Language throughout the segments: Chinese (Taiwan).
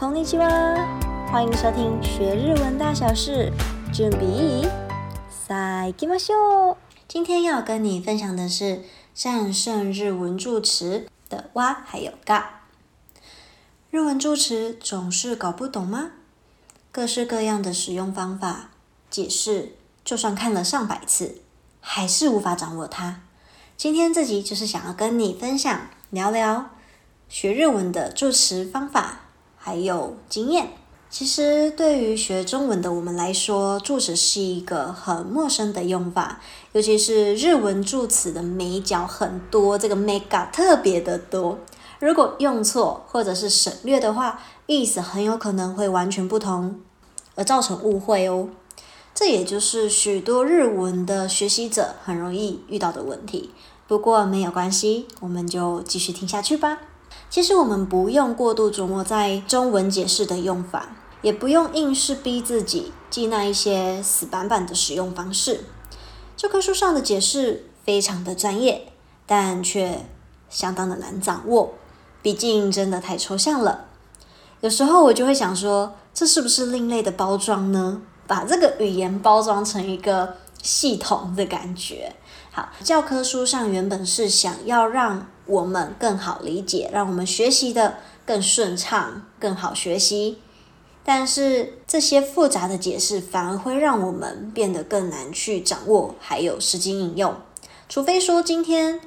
こんにちは，歡迎收聽學日文大小事。準備，さあ、行きましょう。今天要跟你分享的是戰勝日文助詞的“哇”還有“嘎”。日文助詞總是搞不懂嗎？各式各樣的使用方法、解釋，就算看了上百次，還是無法掌握它。今天這集就是想要跟你分享聊聊學日文的助詞方法。還有經驗。其實對於學中文的我們來說，助詞是一個很陌生的用法，尤其是日文助詞的美角很多，這個 makeup 特別的多。如果用錯或者是省略的話，意思很有可能會完全不同，而造成誤會哦。這也就是許多日文的學習者很容易遇到的問題。不過沒有關係，我們就繼續聽下去吧。其實我們不用過度琢磨在中文解釋的用法，也不用硬是逼自己記那一些死板板的使用方式。教科書上的解釋非常的專業，但卻相當的難掌握，畢竟真的太抽象了。有時候我就會想說，這是不是另類的包裝呢？把這個語言包裝成一個系統的感覺。好，教科書上原本是想要讓。我們更好理解，讓我們學習的更順暢，更好學習。但是這些複雜的解釋反而會讓我們變得更難去掌握，還有實際應用。除非說今天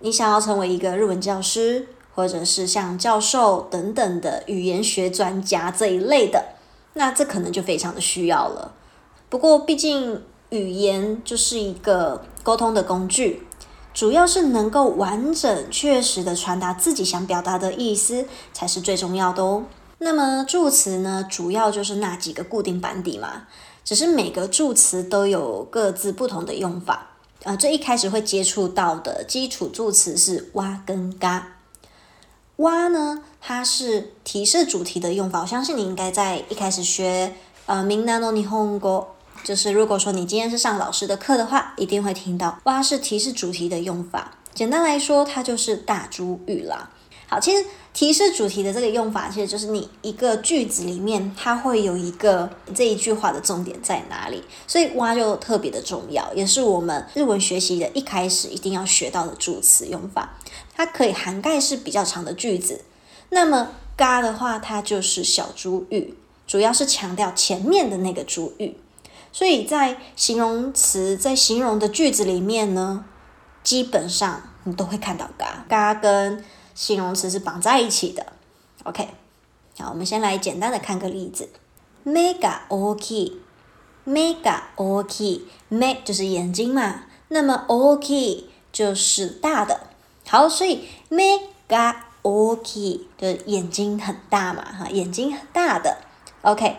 你想要成為一個日文教師，或者是像教授等等的語言學專家這一類的，那這可能就非常的需要了。不過畢竟語言就是一個溝通的工具。主要是能夠完整、確實地傳達自己想表達的意思，才是最重要的哦。那麼助詞呢，主要就是那幾個固定班底嘛，只是每個助詞都有各自不同的用法。呃，這一開始會接觸到的基礎助詞是哇跟嘎。哇呢，它是提示主題的用法，我相信你應該在一開始學呃，みんなの日本語。就是如果說你今天是上老師的課的話，一定會聽到“哇”是提示主題的用法。簡單來說，它就是大主語啦。好，其實提示主題的這個用法，其實就是你一個句子裡面，它會有一個這一句話的重點在哪裡，所以“哇”就特別的重要，也是我們日文學習的一開始一定要學到的助詞用法。它可以涵蓋是比較長的句子。那麼“嘎”的話，它就是小主語，主要是強調前面的那個主語。所以在形容詞在形容的句子裡面呢，基本上你都會看到嘎“嘎嘎”跟形容詞是綁在一起的。OK，好，我們先來簡單的看個例子：目が大きい。目が大きい。目就是眼睛嘛，那麼大きい就是大的。好，所以目が大きい就是眼睛很大嘛，哈，眼睛很大的。OK。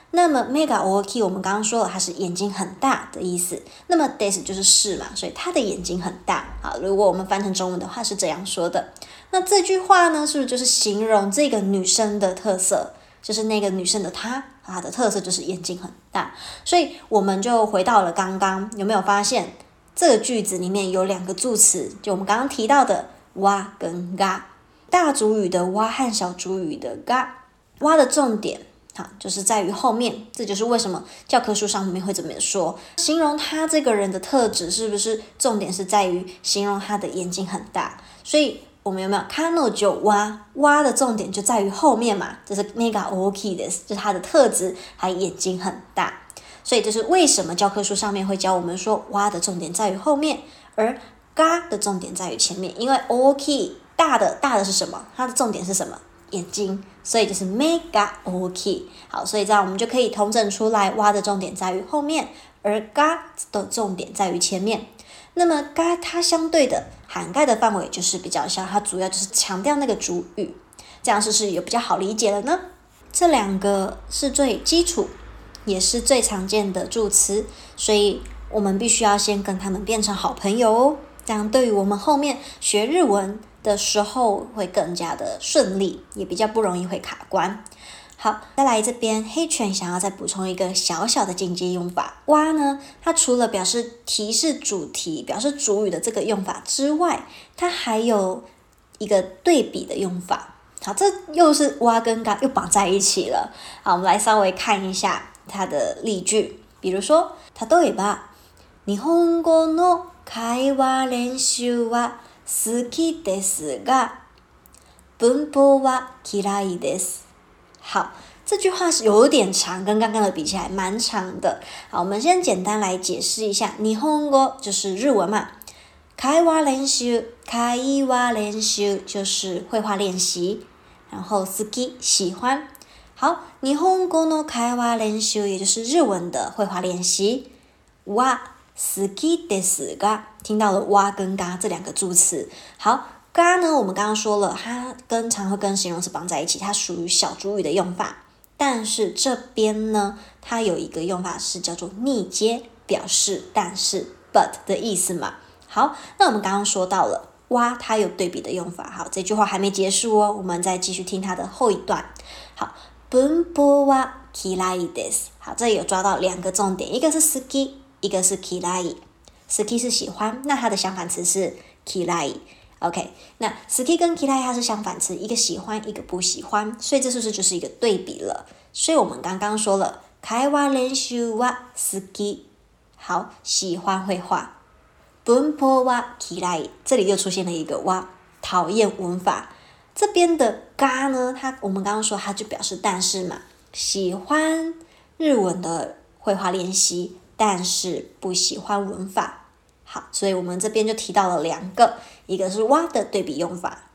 那麼目が大きい，我們剛剛說了她是眼睛很大的意思。那麼です就是是嘛，所以她的眼睛很大啊。好，如果我們翻成中文的話是這樣說的。那這句話呢，是不是就是形容這個女生的特色？就是那個女生的她，她的特色就是眼睛很大。所以我們就回到了剛剛，有沒有發現這個句子裡面有兩個助詞？就我們剛剛提到的哇跟嘎，大主語的哇和小主語的嘎，哇的重點。好、啊，就是在於後面，這就是為什麼教科書上面會怎麼說，形容他這個人的特質是不是重點是在於形容他的眼睛很大？所以我們有沒有，看那就挖挖的重點就在於後面嘛，就是 mega okii desu 就是他的特質，他眼睛很大。所以這是為什麼教科書上面會教我們說挖的重點在於後面，而嘎的重點在於前面，因為 oki 大，大的大的是什麼？它的重點是什麼？眼睛，所以就是目が大きい。好，所以這樣我們就可以統整出來。哇的重點在於後面，而嘎的重點在於前面。那麼，嘎它相對的涵蓋的範圍就是比較小，它主要就是強調那個主語。這樣是不是有比較好理解了呢？這兩個是最基礎，也是最常見的助詞，所以我們必須要先跟他們變成好朋友哦。這樣對於我們後面學日文的時候會更加的順利，也比較不容易會卡關。好，再來這邊，黑犬想要再補充一個小小的進階用法，哇呢？它除了表示提示主題、表示主語的這個用法之外，它還有一個對比的用法。好，這又是哇跟嘎又綁在一起了。好，我們來稍微看一下它的例句，比如說，例えば、日本語の會話練習は。好きですが、好，這句話是有點長，跟剛剛的比起來蠻長的。好，我們先簡單來解釋一下，日本語就是日文嘛。會話練習、會話練習就是會話練習，然後好き喜歡。好，日本語の會話練習也就是日文的會話練習。哇。ski des ga，聽到了哇跟嘎這兩個助詞。好，嘎呢？我們剛剛說了，它跟常會跟形容詞綁在一起，它屬於小主語的用法。但是這邊呢，它有一個用法是叫做逆接，表示但是 but 的意思嘛。好，那我們剛剛說到了哇，它有對比的用法。好，這句話還沒結束哦，我們再繼續聽它的後一段。好，奔波哇 kilides。好，這裡有抓到兩個重點，一個是 ski。一個是嫌い，好き是喜歡，那它的相反詞是嫌い，OK？那好き跟嫌い，它是相反詞，一個喜歡，一個不喜歡，所以這是不是就是一個對比了？所以我們剛剛說了，會話練習は好き，好，好喜歡繪畫文法は嫌い，這裡又出現了一個哇，討厭文法。這邊的が呢，它我們剛剛說它就表示但是嘛，喜歡日文的繪畫練習。但是不喜歡文法，好，所以我們這邊就提到了兩個，一個是哇的對比用法，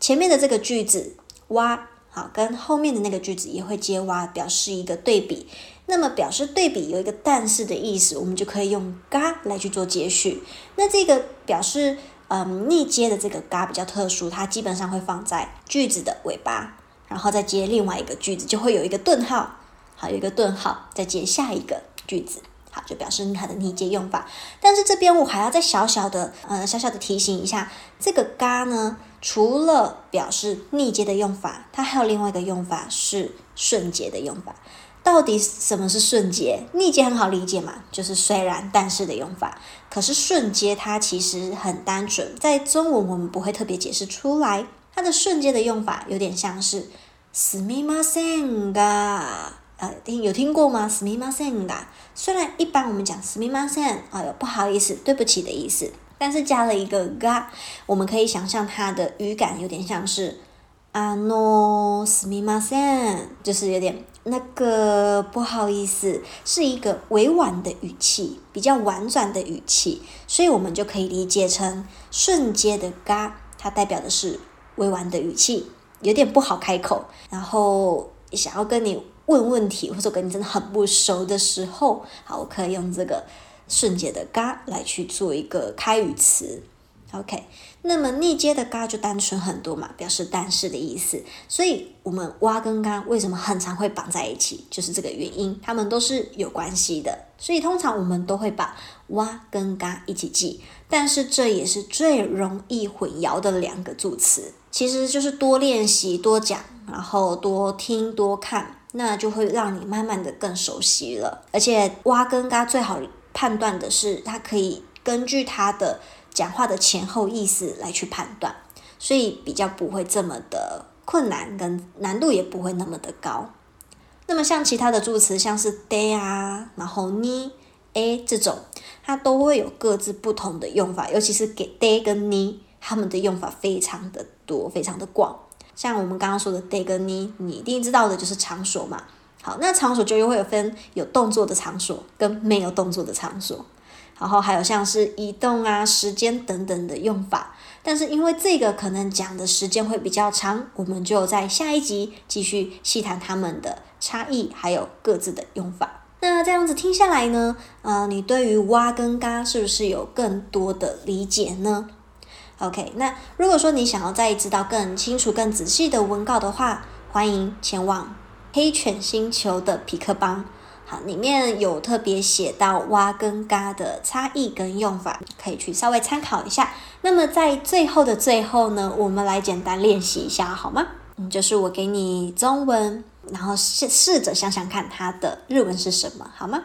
前面的這個句子哇，好，跟後面的那個句子也會接哇，表示一個對比。那麼表示對比有一個但是的意思，我們就可以用嘎來去做接續。那這個表示嗯逆接的這個嘎比較特殊，它基本上會放在句子的尾巴，然後再接另外一個句子，就會有一個頓號，好，有一個頓號，再接下一個句子。好，就表示它的逆接用法。但是這邊我還要再小小的，呃，小小的提醒一下，這個“嘎”呢，除了表示逆接的用法，它還有另外一個用法是順接的用法。到底什麼是順接？逆接很好理解嘛，就是雖然但是的用法。可是順接它其實很單純，在中文我們不會特別解釋出來。它的順接的用法有點像是“すみませんが啊，聽、呃、有聽過嗎？すみませんが，雖然一般我們講すみません，哎呦，不好意思，對不起的意思，但是加了一個が，我們可以想象它的語感有點像是啊，あの，すみません，就是有點那個不好意思，是一個委婉的語氣，比較婉轉的語氣，所以我們就可以理解成瞬間的が，它代表的是委婉的語氣，有點不好開口，然後想要跟你。問問題，或者跟你真的很不熟的時候，好，我可以用這個順接的嘎來去做一個開語詞，OK。那麼逆接的嘎就單純很多嘛，表示但是的意思。所以我們挖跟嘎為什麼很常會綁在一起，就是這個原因，他們都是有關係的。所以通常我們都會把挖跟嘎一起記，但是這也是最容易混淆的兩個助詞。其實就是多練習、多講，然後多聽、多看。那就會讓你慢慢的更熟悉了，而且は跟が最好判斷的是，它可以根據它的講話的前後意思來去判斷，所以比較不會這麼的困難，跟難度也不會那麼的高。那麼像其他的助詞，像是で啊，然後に，誒，這種，它都會有各自不同的用法，尤其是給で跟に，他們的用法非常的多，非常的廣。像我們剛剛說的 “day” 跟“你”，你一定知道的就是場所嘛。好，那場所就又會有分有動作的場所跟沒有動作的場所，然後還有像是移動啊、時間等等的用法。但是因為這個可能講的時間會比較長，我們就在下一集繼續細談它們的差異，還有各自的用法。那這樣子聽下來呢，呃，你對於“哇”跟“嘎”是不是有更多的理解呢？OK，那如果說你想要再知道更清楚、更仔細的文稿的話，歡迎前往黑犬星球的皮克邦。好，裡面有特別寫到挖跟嘎的差異跟用法，可以去稍微參考一下。那麼在最後的最後呢，我們來簡單練習一下好嗎？嗯，就是我給你中文，然後試試着想想看它的日文是什麼好嗎？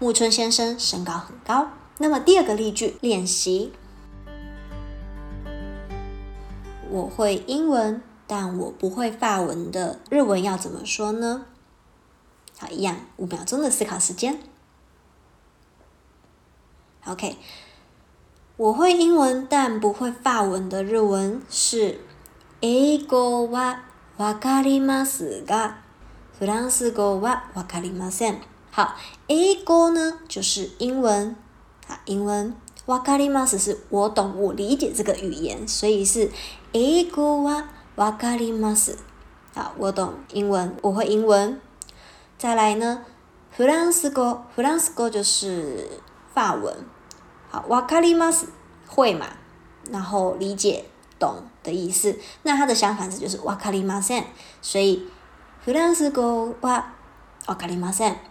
木村先生身高很高。那麼第二個例句練習：我會英文，但我不會法文的日文要怎麼說呢？好，一樣五秒鐘的思考時間。OK，我會英文但不會法文的日文是英語はわかりますが、フランス語はわかりません。好英語呢就是英文啊，英文。わかります是我懂，我理解這個語言，所以是英語はわかります。好，我懂英文，我會英文。再來呢，フランス語，フランス語就是法文。好，わかります會嘛？然後理解懂的意思。那它的相反詞就是わかりません，所以フランス語はわかりません。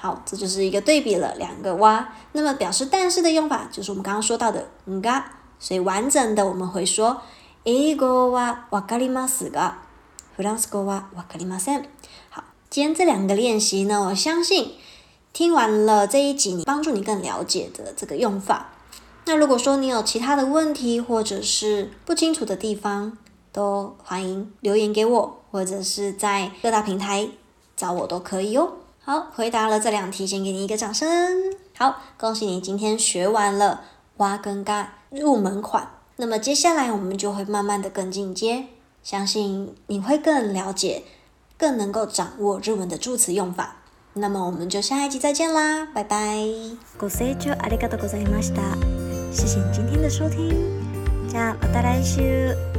好，這就是一個對比了，兩個哇。那麼表示但是的用法就是我們剛剛說到的嗯嘎，所以完整的我們會說英語は分かりますが、フランス語は分かりません。好，今天這兩個練習呢，我相信聽完了這一集，你幫助你更了解的這個用法。那如果說你有其他的問題或者是不清楚的地方，都歡迎留言給我，或者是在各大平台找我都可以哦。好，回答了這兩題，先給你一個掌聲。好，恭喜你今天學完了挖更咖入門款。那麼接下來我們就會慢慢的更進階，相信你會更了解，更能夠掌握日文的助詞用法。那麼我們就下一集再見啦，拜拜。ご視聴ありがとうございました，謝謝你今天的收聽。じゃあまた來週。